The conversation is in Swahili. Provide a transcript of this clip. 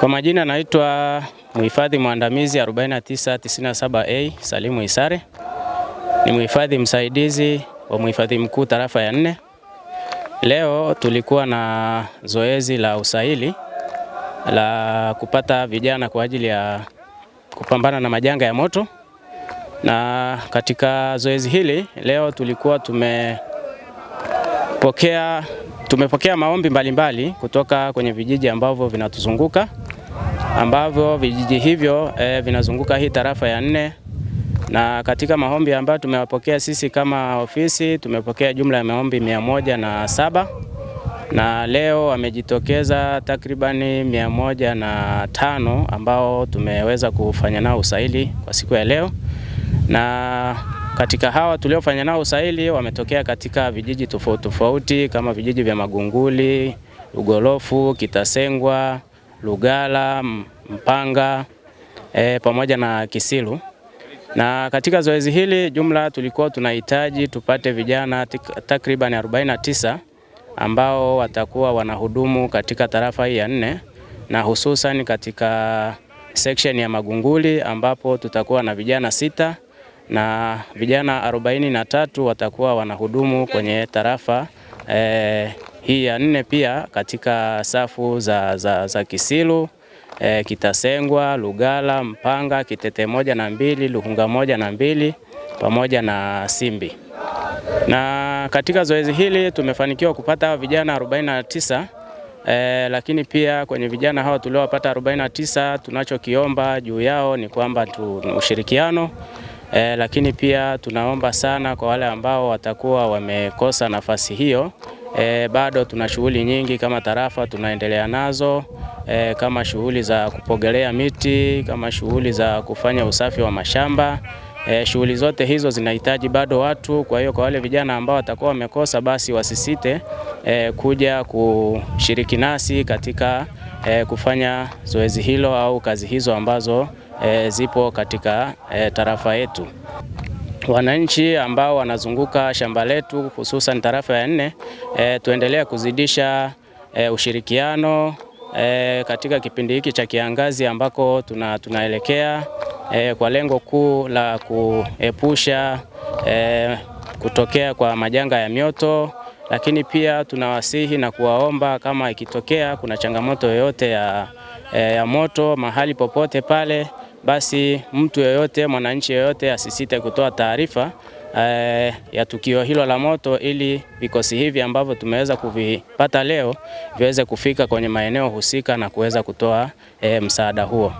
Kwa majina naitwa mhifadhi mwandamizi 4997A Salimu Isare, ni mhifadhi msaidizi wa mhifadhi mkuu tarafa ya nne. Leo tulikuwa na zoezi la usaili la kupata vijana kwa ajili ya kupambana na majanga ya moto, na katika zoezi hili leo tulikuwa tumepokea tumepokea maombi mbalimbali mbali kutoka kwenye vijiji ambavyo vinatuzunguka ambavyo vijiji hivyo e, vinazunguka hii tarafa ya nne, na katika maombi ambayo tumewapokea sisi kama ofisi tumepokea jumla ya maombi mia moja na saba na leo wamejitokeza takribani mia moja na tano ambao tumeweza kufanya nao usaili kwa siku ya leo, na katika hawa tuliofanya nao usaili wametokea katika vijiji tofauti tofauti kama vijiji vya Magunguli, Ugorofu, Kitasengwa, Lugala, Mpanga e, pamoja na Kisilu. Na katika zoezi hili jumla tulikuwa tunahitaji tupate vijana takriban 49 ambao watakuwa wanahudumu katika tarafa hii ya nne na hususan katika section ya Magunguli ambapo tutakuwa na vijana sita na vijana arobaini na tatu watakuwa wanahudumu kwenye tarafa eh, hii ya nne pia katika safu za, za, za Kisilu eh, Kitasengwa, Lugala, Mpanga, Kitete moja na mbili, Luhunga moja na mbili pamoja na Simbi. Na katika zoezi hili tumefanikiwa kupata vijana 49 eh, lakini pia kwenye vijana hawa tuliowapata 49 tunachokiomba juu yao ni kwamba tu ushirikiano eh, lakini pia tunaomba sana kwa wale ambao watakuwa wamekosa nafasi hiyo eh, bado tuna shughuli nyingi kama tarafa tunaendelea nazo eh, kama shughuli za kupogelea miti, kama shughuli za kufanya usafi wa mashamba. E, shughuli zote hizo zinahitaji bado watu. Kwa hiyo kwa wale vijana ambao watakuwa wamekosa, basi wasisite e, kuja kushiriki nasi katika e, kufanya zoezi hilo au kazi hizo ambazo e, zipo katika e, tarafa yetu. Wananchi ambao wanazunguka shamba letu hususan tarafa ya nne, e, tuendelea kuzidisha e, ushirikiano e, katika kipindi hiki cha kiangazi ambako tuna, tunaelekea e, kwa lengo kuu la kuepusha e, kutokea kwa majanga ya mioto, lakini pia tunawasihi na kuwaomba kama ikitokea kuna changamoto yoyote ya, e, ya moto mahali popote pale, basi mtu yoyote, mwananchi yoyote asisite kutoa taarifa eh, ya tukio hilo la moto ili vikosi hivi ambavyo tumeweza kuvipata leo viweze kufika kwenye maeneo husika na kuweza kutoa eh, msaada huo.